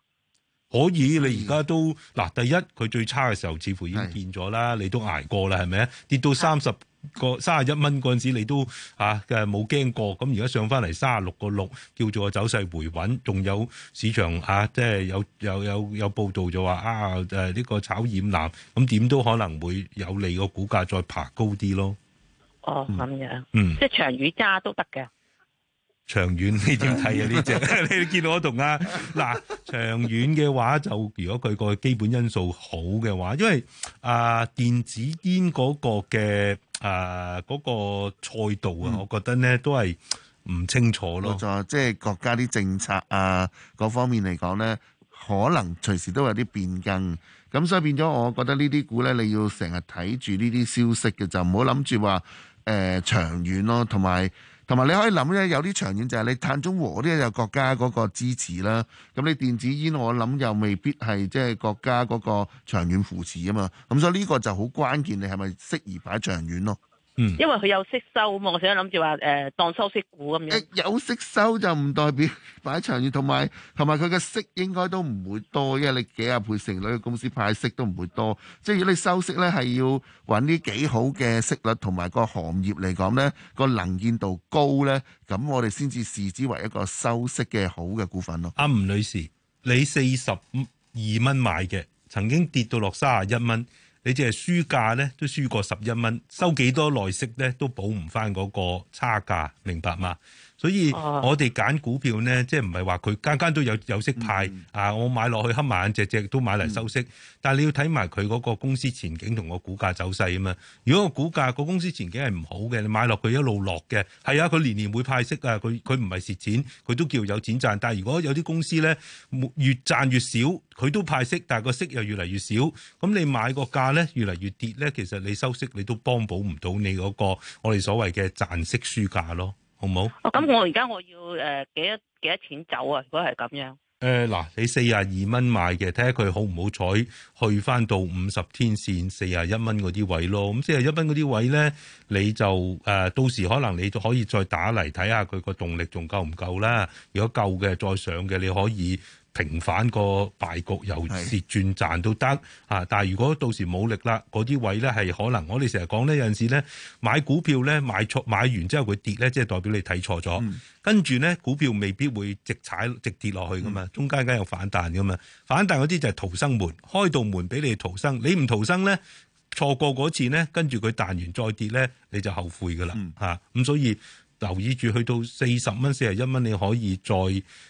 可以，你而家都嗱，第一佢最差嘅時候似乎已經變咗啦，你都捱過啦，係咪？跌到三十個三十一蚊嗰陣時， *laughs* 你都嚇嘅冇驚過。咁而家上翻嚟三十六個六，叫做個走勢回穩，仲有市場啊，即係有有有有報道就話啊誒，呢、這個炒染藍，咁點都可能會有利個股價再爬高啲咯。哦，咁、嗯、
樣，嗯，即係長雨揸都得嘅。
長遠你點睇啊？呢 *laughs* 隻 *laughs* 你見到我同阿嗱長遠嘅話就，就如果佢個基本因素好嘅話，因為阿電子煙嗰個嘅誒嗰個
賽道啊，我覺得咧都係唔清楚咯。冇錯，即係國家啲政策啊，各方面嚟講咧，可能隨時都有啲變更。咁所以變咗，我覺得呢啲、嗯就是啊、股咧，你要成日睇住呢啲消息嘅就唔好諗住話誒長遠咯，同埋。同埋你可以諗咧，有啲長遠就係你碳中和嗰啲有國家嗰個支持啦。咁你電子煙我諗又未必係即係國家嗰個長遠扶持啊嘛。咁所以呢個就好關鍵，你係咪適宜擺長遠咯？嗯，因為佢有息收啊嘛，我想諗住話誒，當收息股咁樣。有息收就唔代表擺長遠，同埋同埋佢嘅息應該都唔會多，因為你幾廿倍成率嘅公司派息都唔會多。即係如果你收息咧，係要揾啲幾好嘅息率，同埋個行業嚟講咧，個能見度高咧，咁我哋先至視之為一個收息嘅好嘅股份咯。阿、嗯、吳女士，你四十二蚊買嘅，曾經跌到
落三啊一蚊。你淨係輸價咧，都輸過十一蚊，收幾多內息咧，都補唔返嗰個差價，明白嗎？所以我哋揀股票呢，即係唔係話佢間間都有有息派、嗯、啊？我買落去黑埋眼，隻隻都買嚟收息，嗯。但你要睇埋佢嗰個公司前景同個股價走勢啊嘛。如果個股價、個公司前景係唔好嘅，你買落去一路落嘅，係啊，佢年年會派息啊，佢佢唔係蝕錢，佢都叫有錢賺。但如果有啲公司呢，越賺越少，佢都派息，但係個息又越嚟越少，咁你買個價呢，越嚟越跌呢，其實你收息你都幫補唔到你嗰、嗰個我哋所謂嘅賺息輸價咯。好唔好？
咁、啊、我而家我要誒幾、呃、多幾多錢走啊？如果
係咁樣，誒、呃、嗱，你四十二蚊買嘅，睇下佢好唔好彩，去翻到五十天線四十一蚊嗰啲位咯。咁四十一蚊嗰啲位咧，你就誒、呃、到時可能你就可以再打嚟睇下佢個動力仲夠唔夠啦。如果夠嘅，再上嘅你可以。平反個敗局由蝕轉賺都得吓，但係如果到時冇力啦，嗰啲位咧係可能我哋成日講呢，有陣時咧買股票咧買錯，買完之後佢跌咧，即係代表你睇錯咗，跟住咧股票未必會直踩直跌落去噶嘛，中間梗有反彈噶嘛，反彈嗰啲就係逃生門，開道門俾你逃生，你唔逃生咧，錯過嗰次咧，跟住佢彈完再跌咧，你就後悔噶啦吓，咁、嗯啊、所以。留意住，去到四十蚊、四十一蚊，你可以再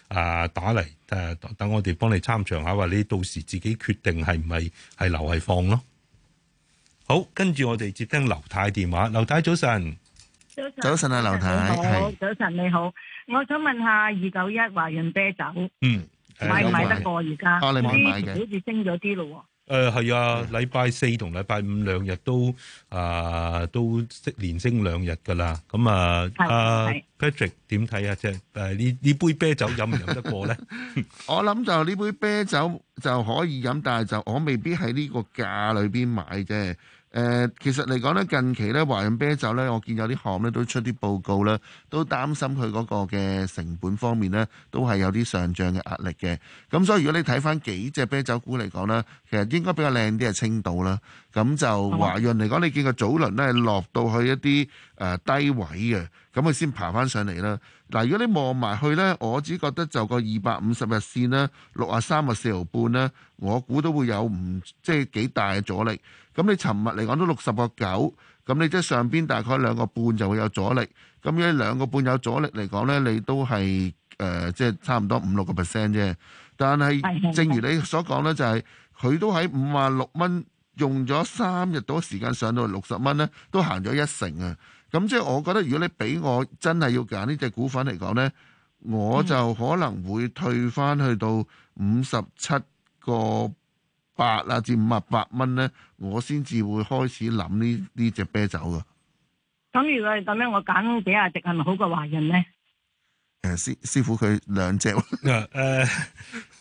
啊打嚟，誒、啊、等我哋幫你參詳下，話你到時自己決定係唔係係留係放咯。好，跟住我哋接聽劉太電話。劉太早晨，早晨，
早晨啊，劉太，早晨，你好，早晨你好。我想問下二九一華潤啤酒，
嗯，
買唔買得過，而家好似升咗啲咯喎？
誒、呃、係啊！禮拜四同禮拜五兩日都啊、呃、都升連升兩日
㗎啦！咁啊啊 Patrick 點睇啊？即係誒呢呢杯啤酒飲唔飲得過咧？ *laughs* 我諗就呢杯啤酒就可以飲，但係就我未必喺呢個價裏邊買啫。誒、呃，其實嚟講咧，近期咧，華潤啤酒咧，我見有啲行咧都出啲報告咧，都擔心佢嗰個嘅成本方面咧，都係有啲上漲嘅壓力嘅。咁所以如果你睇翻幾隻啤酒股嚟講咧，其實應該比較靚啲係青島啦。咁就、嗯、華潤嚟講，你見個早輪咧落到去一啲誒低位嘅，咁佢先爬翻上嚟啦。嗱，如果你望埋去咧，我只覺得就個二百五十日線啦，六啊三或四毫半啦，我估都會有唔即係幾大嘅阻力。咁你尋日嚟講都六十個九，咁你即係上邊大概兩個半就會有阻力。咁依兩個半有阻力嚟講咧，你都係誒，即係差唔多五六個 percent 啫。但係正如你所講咧，就係佢都喺五十六蚊，用咗三日多時間上到六十蚊咧，都行咗一成啊！咁即係我覺得，如果你俾我真係要揀呢隻股份嚟講咧，我就可能會退翻去到五十七個。八啊至五啊八蚊咧，我先至會開始諗呢呢隻啤酒㗎。咁、嗯、如果係咁樣，我揀幾啊隻係咪好過華潤咧？誒、嗯，師師傅佢兩隻誒。
Yeah, uh...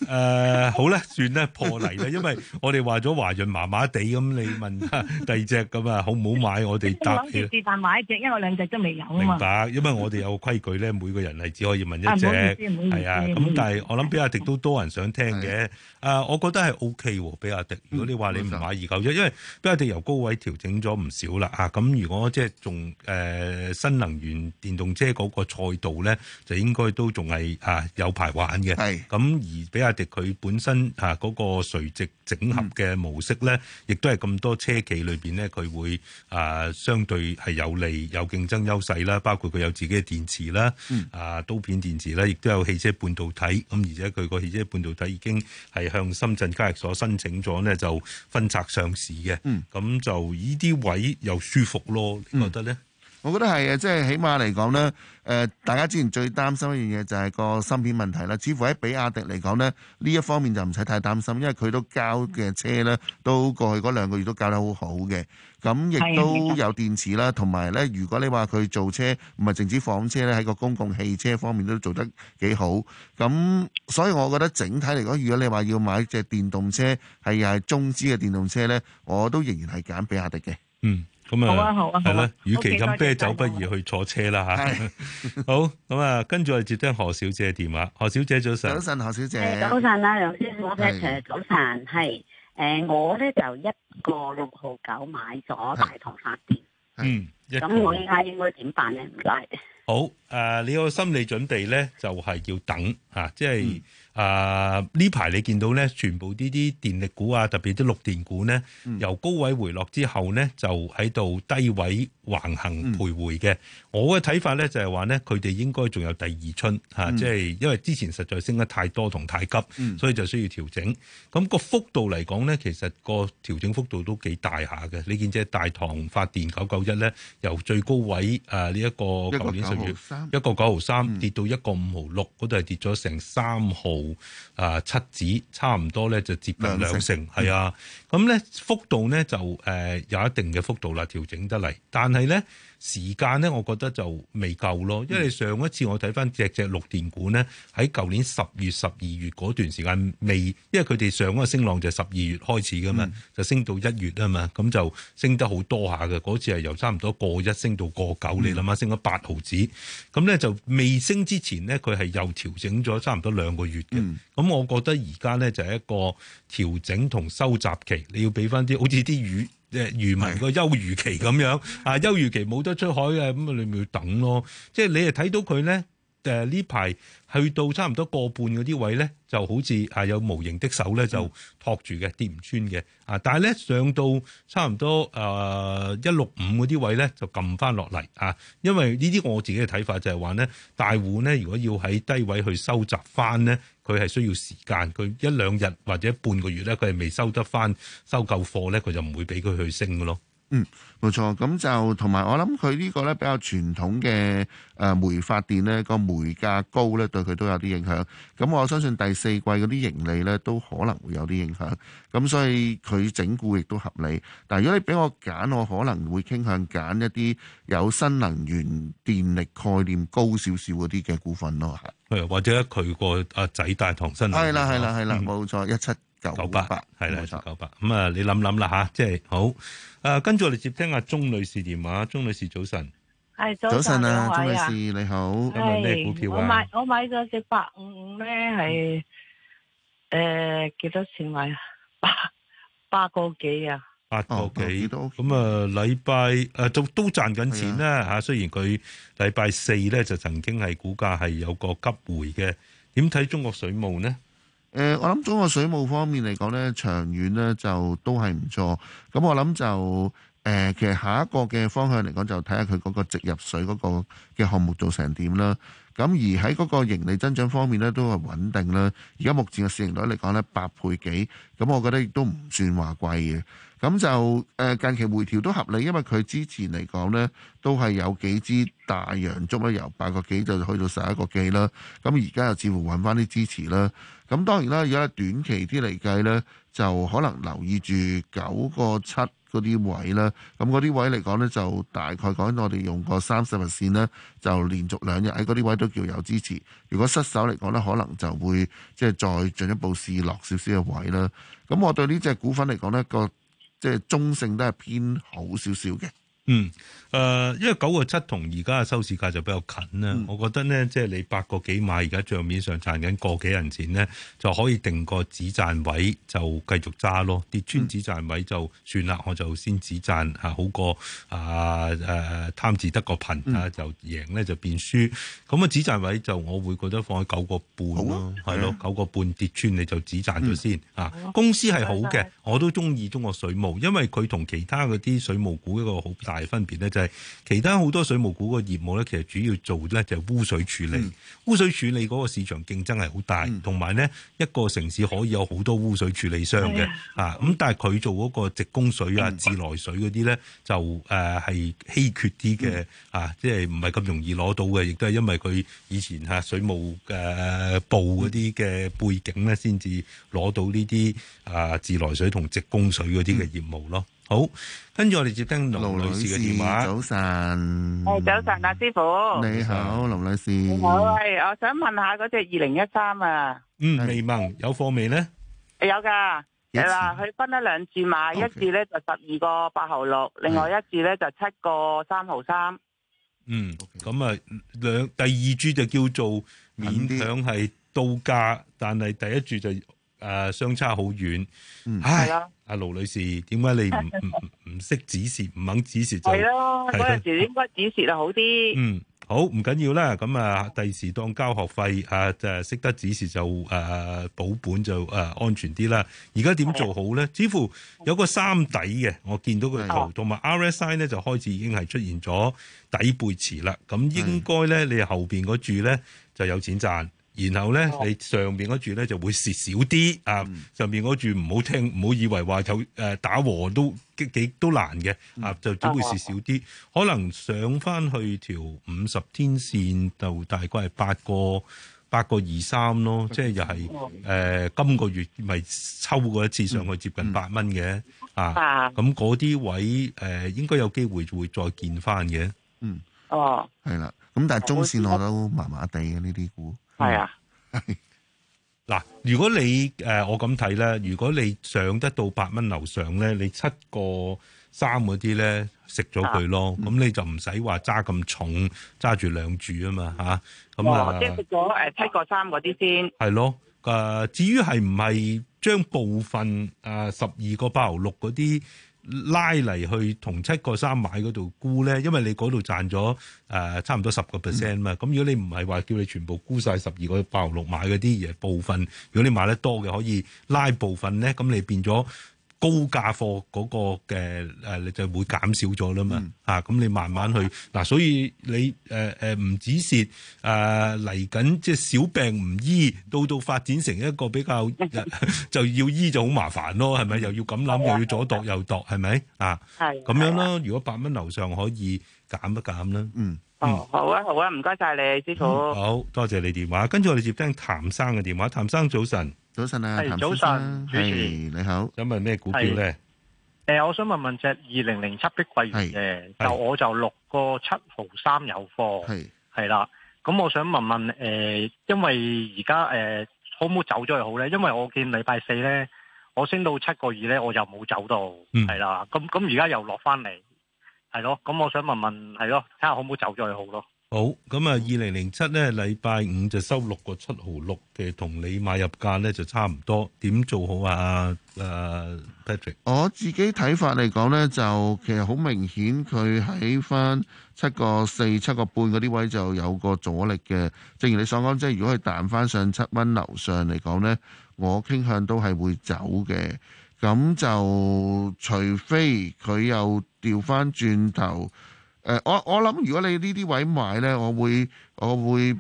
誒、呃，好啦，算啦，破例啦，因為我哋話咗華潤麻麻地咁，你問第二隻咁啊，好唔好買？我哋答。你諗住是但買一隻，因為我兩隻都未有。明白，因為我哋有規矩咧，每個人係只可以問一隻，係啊。咁、啊、但係我諗，比亞迪都多人想聽嘅。啊，我覺得係 O K，比亞迪。如果你話你唔買二九一，因為比亞迪由高位調整咗唔少啦。啊，咁如果即係仲誒，新能源電動車個賽道咧，就應該都仲係啊有排玩嘅。咁而比佢本身啊，嗰個垂直整合嘅模式咧，亦都係咁多車企裏邊呢，佢會啊相對係有利有競爭優勢啦，包括佢有自己嘅電池啦、嗯，啊刀片電池啦，亦都有汽車半導體。咁而且佢個汽車半導體已經係向深圳交易所申請咗呢，就分拆上市嘅。
咁、嗯、就依啲位又舒服咯，你覺得呢？嗯我覺得係啊，即係起碼嚟講呢，誒、呃，大家之前最擔心一樣嘢就係個芯片問題啦。似乎喺比亞迪嚟講呢，呢一方面就唔使太擔心，因為佢都交嘅車呢，都過去嗰兩個月都交得好好嘅。咁亦都有電池啦，同埋呢，如果你話佢做車唔係淨止房車呢，喺個公共汽車方面都做得幾好。咁所以我覺得整體嚟講，如果你話要買隻電動車，係又係中資嘅電動車呢，我都仍然係揀比亞迪嘅。嗯。
咁、嗯、啊，係啦、啊啊，與其飲啤酒，啊啊啊、酒不如去坐車啦吓、 *laughs* 嗯嗯嗯，好，咁啊，跟住我接聽何小姐嘅電話。何小姐早
晨。早晨何小姐。早晨啊，梁師傅，我嘅早晨，係誒我咧就一個六號九買咗大堂發電。嗯，咁我依家應該點辦咧？唔
該。好，誒，你個心理準備咧就係、是、要等嚇、啊，即係。嗯啊！呢排你見到咧，全部呢啲電力股啊，特別啲綠電股咧，由高位回落之後咧，就喺度低位。橫行徘徊嘅，我嘅睇法咧就係話咧，佢哋應該仲有第二春吓，即、嗯、係因為之前實在升得太多同太急、嗯，所以就需要調整。咁、那個幅度嚟講咧，其實個調整幅度都幾大下嘅。你見即係大唐發電九九一咧，由最高位誒呢一個舊年十月一個九毫三跌到一個五毫六，嗰度係跌咗成三毫誒七子，差唔多咧就接近兩成，係啊。咁、嗯、咧幅度咧就誒、呃、有一定嘅幅度啦，調整得嚟，但係。係咧。Né? 時間呢，我覺得就未夠咯，因為上一次我睇翻隻隻綠電股呢，喺舊年十月、十二月嗰段時間未，因為佢哋上個升浪就係十二月開始噶嘛，就升到一月啊嘛，咁就升得好多下嘅。嗰次係由差唔多個一升到個九，你諗下升咗八毫子，咁呢，就未升之前呢，佢係又調整咗差唔多兩個月嘅。咁我覺得而家呢，就係一個調整同收集期，你要俾翻啲好似啲漁漁民個休漁期咁樣啊，休漁期冇得出海嘅咁啊，你咪要等咯。即係你係，睇到佢咧，誒呢排去到差唔多個半嗰啲位咧，就好似啊有無形的手咧就托住嘅、嗯，跌唔穿嘅。啊，但係咧上到差唔多誒一六五嗰啲位咧，就撳翻落嚟啊。因為呢啲我自己嘅睇法就係話咧，大戶咧如果要喺低位去收集翻咧，佢係需要時間，佢一兩日或者半個月咧，佢係未收得翻收夠貨咧，佢就唔會俾佢去升嘅咯。
嗯，冇錯，咁就同埋我諗佢呢個咧比較傳統嘅誒煤發電咧，個煤價高咧對佢都有啲影響。咁我相信第四季嗰啲盈利咧都可能會有啲影響。咁所以佢整固亦都合理。但係如果你俾我揀，我可能會傾向揀一啲有新能源電力概念高少少嗰啲嘅股份咯。係
或者佢個阿仔大唐新能源。係啦係啦係啦，
冇錯一七。九八係啦，九八咁啊，你諗諗
啦吓，即係好。誒，跟住我哋接聽阿鐘女士電話，鐘女士早晨，係早晨啊，鐘女士
你好，今日咩股票？我買
我買咗隻八五五咧，係、嗯、誒、呃啊哦哦、幾多、OK 嗯嗯呃、錢買啊？八八個幾啊？八個幾都咁啊，禮拜誒仲都賺緊錢啦吓，雖然佢禮拜四咧就曾經係股價係有個急回嘅，點睇中國
水務呢？誒、呃，我諗中國水務方面嚟講咧，長遠咧就都係唔錯。咁我諗就誒、呃，其實下一個嘅方向嚟講，就睇下佢嗰個直入水嗰個嘅項目做成點啦。咁而喺嗰個盈利增長方面咧，都係穩定啦。而家目前嘅市盈率嚟講咧，八倍幾，咁我覺得亦都唔算話貴嘅。咁就誒近期回調都合理，因為佢之前嚟講咧，都係有幾支大陽燭啦，由八個幾就去到十一個幾啦。咁而家又似乎揾翻啲支持啦。咁當然啦，而家短期啲嚟計咧。就可能留意住九個七嗰啲位啦。咁嗰啲位嚟講呢，就大概講我哋用個三十日線呢，就連續兩日喺嗰啲位都叫有支持。如果失手嚟講呢，可能就會即係再進一步試落少少嘅位啦。咁我對呢隻股份嚟講呢，個即係、就是、中性都係偏好少少嘅。嗯、呃，因為九個七同而
家嘅收市價就比較近啦、嗯，我覺得呢，即係你八個幾買而家帳面上賺緊個幾銀錢呢，就可以定個止賺位就繼續揸咯，跌穿止賺位就算啦、嗯，我就先止賺好過啊，啊貪字得個貧啊，就贏呢，就變輸，咁啊止賺位就我會覺得放喺九個半咯，係咯、啊，九個半跌穿你就止賺咗先、嗯、啊，啊，公司係好嘅，我都中意中國水務，因為佢同其他嗰啲水務股一個好大係分別咧，就係其他好多水務股嘅業務咧，其實主要做咧就係污水處理。嗯、污水處理嗰個市場競爭係好大，同埋咧一個城市可以有好多污水處理商嘅啊。咁、嗯、但係佢做嗰個直供水啊、自來水嗰啲咧，就誒係稀缺啲嘅啊，即係唔係咁容易攞到嘅，亦都係因為佢以前嚇水務嘅、呃、部嗰啲嘅背景咧，先至攞到呢啲啊自來水同直供水嗰啲嘅業務咯。.好，跟住我哋接聽盧女士嘅電話。早晨，係
早晨，啊，師傅，你好，
盧女士，你好，喂，我
想問下嗰隻二零一三啊，
嗯，未問有貨未呢？
有噶，係啦，佢分一兩注買，一注咧就十二個八毫六，另外一注咧就七個三毫三。嗯，
咁、okay. 啊，兩第二注就叫做勉強係到價，但係第一注就。誒相差好遠，係、嗯、啦。阿、啊、盧女士，點解你唔唔唔識止蝕，唔肯止蝕就係啦。有陣時應該止
蝕啊，好啲。嗯，
好唔緊要啦。咁啊，第時當交學費啊，啊就識得止蝕就誒保本就誒、啊、安全啲啦。而家點做好咧？似乎有個三底嘅，我見到個圖，同埋、啊、RSI 咧就開始已經係出現咗底背馳啦。咁應該咧，你後邊個注咧就有錢賺。然後咧，你上邊嗰注咧就會蝕少啲啊！上邊嗰注唔好聽，唔好以為話就誒打和都幾幾都難嘅啊，就總會蝕少啲。可能上翻去條五十天線就大概係八個八個二三咯，3, 即係又係誒、嗯呃、今個月咪抽過一次上去接近八蚊嘅啊！咁嗰啲位誒、呃、應該有機會會再見翻嘅。嗯
哦，係、嗯、啦。咁、嗯嗯、但係中線我都麻麻地嘅呢啲股。
係啊，嗱， *laughs* 如果你誒、呃、我咁睇咧，如果你上得到八蚊樓上咧，你七個三嗰啲咧食咗佢咯，咁你就唔使話揸咁重，揸住兩注啊嘛，吓咁啊，即食咗誒七個三嗰啲先。係咯，誒，至於係唔係將部分誒十二個八牛六嗰啲。呃拉嚟去同七個三買嗰度沽咧，因為你嗰度賺咗誒、呃、差唔多十個 percent 嘛。咁如果你唔係話叫你全部沽晒十二個八六買嗰啲，而係部分，如果你買得多嘅可以拉部分咧，咁你變咗。高價貨嗰個嘅誒，你、呃、就會減少咗啦嘛，咁、嗯啊、你慢慢去嗱、啊，所以你誒誒唔止蝕、呃來就是誒嚟緊即係小病唔醫，到到發展成一個比較 *laughs* *laughs* 就要醫就好麻煩咯，係咪又要咁諗、啊、又要左度右度，係咪啊？係咁、啊啊、樣咯，啊、如果八蚊樓上可以減一減啦。嗯，好啊
好啊，唔該晒你，師傅，嗯、
好多謝你電話，跟住我哋接聽譚生嘅電話，譚生早晨。早晨啊，係早晨，主持你好，有冇咩股票嘅？誒，我想問問隻二零零七碧桂園嘅，就我就六個七毫三有貨，係係啦。咁我想問問誒，因為而家誒，可唔可以走咗去好咧？因為我見禮拜四咧，我升到七個二咧，我就冇走到，係啦。咁咁而家又落翻嚟，係咯。咁我想問問，係咯，睇下可唔可以走咗去好咯。好咁啊！二零零七咧，禮拜五就收六個七毫六嘅，同你
買入價咧就差唔多。點做好啊？誒，Patrick，我自己睇法嚟講咧，就其實好明顯佢喺翻七個四、七個半嗰啲位就有個阻力嘅。正如你所講，即係如果係彈翻上七蚊樓上嚟講咧，我傾向都係會走嘅。咁就除非佢又調翻轉頭。誒，我我諗，如果你呢啲位買呢，我會我會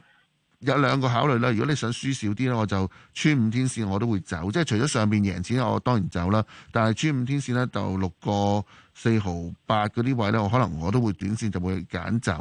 有兩個考慮啦。如果你想輸少啲呢，我就穿五天線我都會走，即係除咗上面贏錢，我當然走啦。但係穿五天線呢，就六個四毫八嗰啲位呢，我可能我都會短線就會揀走。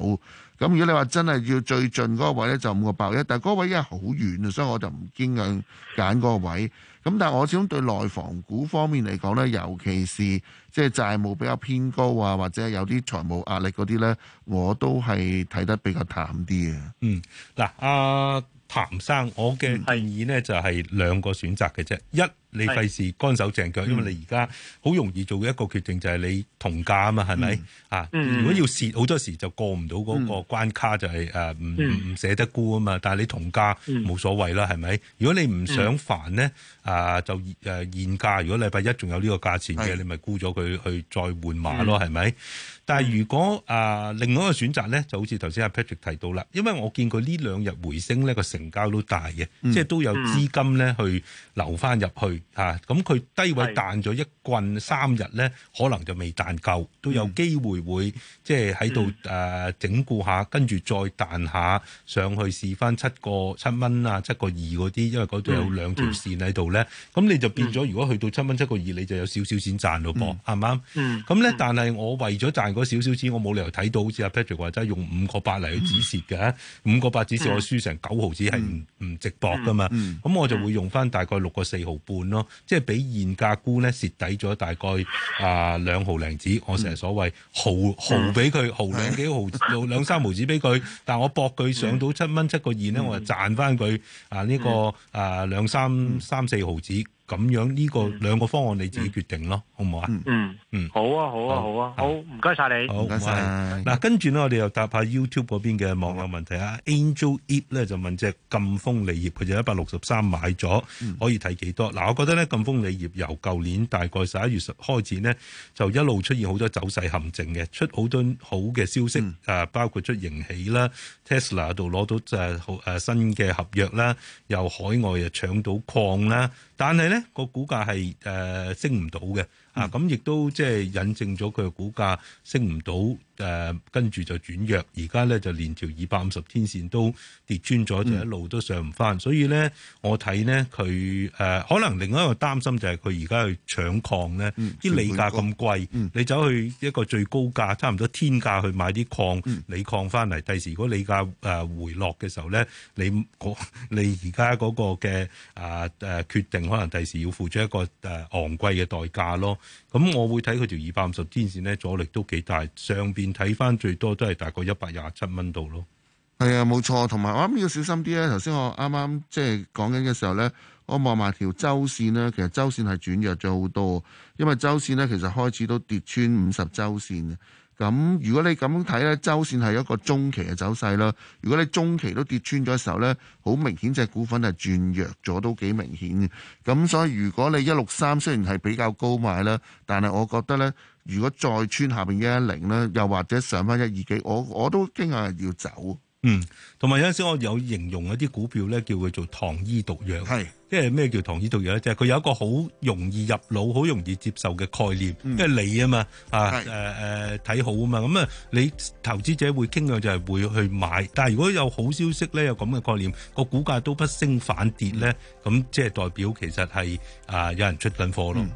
咁如果你話真係要最盡嗰個位呢，就五個八一，但係嗰個位因為好遠，所以我就唔傾向揀嗰個位。咁但係我始終對內房股方面嚟講咧，尤其是即係債務比較偏高啊，或者有啲財務壓力嗰啲咧，我都係睇得比較淡啲嘅。嗯，
嗱、啊，阿譚生，我嘅建議咧就係兩個選擇嘅啫、嗯，一。你費事乾手淨腳，因為你而家好容易做一個決定，就係你同價啊嘛，係咪、嗯嗯、啊？如果要蝕好多時就過唔到嗰個關卡、就係，就係誒唔唔捨得沽啊嘛。但係你同價冇、嗯、所謂啦，係咪？如果你唔想煩呢，啊、嗯呃、就誒、呃、現價。如果禮拜一仲有呢個價錢嘅，你咪沽咗佢去再換碼咯，係、嗯、咪？但係如果啊、呃，另外一個選擇咧，就好似頭先阿 Patrick 提到啦，因為我見佢呢兩日回升呢個成交都大嘅、嗯，即係都有資金咧、嗯、去留翻入去。咁、啊、佢低位彈咗一棍三日咧，可能就未彈夠，都有機會會即係喺度整固下，嗯、跟住再彈下上去試翻七個七蚊啊，七個二嗰啲，因為嗰度有兩條線喺度咧。咁、嗯嗯、你就變咗、嗯，如果去到七蚊七個二，你就有少少錢賺咯噃，係咪？咁咧，但係我為咗賺嗰少少錢，我冇理由睇到好似阿 Patrick 話齋用五個八嚟去止蝕嘅，五個八止蝕我輸成九毫子係唔唔值博㗎噶嘛。咁、嗯嗯、我就會用翻大概六個四毫半。咯，即係俾現價沽咧，蝕底咗大概啊、呃、兩毫零子、嗯，我成日所謂毫毫俾佢毫兩幾毫 *laughs* 兩三毫子俾佢，但我博佢上到七蚊七個二咧、嗯，我就賺翻佢啊呢個啊、呃、兩三三四毫子。咁樣呢、這個兩個方案你自己決定咯，嗯、好唔好啊？嗯嗯好啊好啊好啊，好唔該晒你，唔該晒。嗱，跟住呢我哋又答下 YouTube 嗰邊嘅網友問題啊、嗯。Angel Eve 咧就問隻贛鋒鋰業，佢就一百六十三買咗，可以睇幾多？嗱、嗯，我覺得咧贛鋒鋰業由舊年大概十一月十開始呢，就一路出現好多走勢陷阱嘅，出好多好嘅消息、嗯、包括出盈喜啦，Tesla 度攞到誒誒新嘅合約啦，由海外又搶到礦啦。但係咧，個股價係、呃、升唔到嘅，啊咁亦都即係引證咗佢嘅股價升唔到。誒、呃，跟住就轉弱，而家咧就連條二百五十天線都跌穿咗，就一路都上唔翻、嗯。所以咧，我睇呢，佢誒、呃，可能另外一個擔心就係佢而家去搶礦咧，啲利價咁貴，你走去一個最高價、嗯，差唔多天價去買啲礦、利礦翻嚟，第時如果利價回落嘅時候咧，你、嗯、你而家嗰個嘅啊，啊決定，可能第時要付出一個昂貴嘅代價咯。咁我會睇佢條二百五十天線咧阻力都幾大，上邊。睇翻最多都係大概一百廿七蚊度
咯，係啊，冇錯，同埋我諗要小心啲咧。頭先我啱啱即係講緊嘅時候呢，我望埋條周線呢，其實周線係轉弱咗好多。因為周線呢其實開始都跌穿五十周線嘅。咁如果你咁睇呢，周線係一個中期嘅走勢啦。如果你中期都跌穿咗嘅時候呢，好明顯隻股份係轉弱咗，都幾明顯嘅。咁所以如果你一六三雖然係比較高買啦，但係我覺得呢。如果再穿下邊一一零咧，又或者上返一二幾，我我都傾向要走。嗯，同埋有陣時我有形容一啲股票咧，叫佢做糖衣毒藥。係，
即係咩叫糖衣毒藥咧？即係佢有一個好容易入腦、好容易接受嘅概念，嗯、即係你啊嘛，啊誒誒睇好啊嘛，咁啊你投資者會傾向就係會去買。但係如果有好消息咧，有咁嘅概念，個股價都不升反跌咧，咁、嗯、即係代表其實係啊有人出緊貨咯。嗯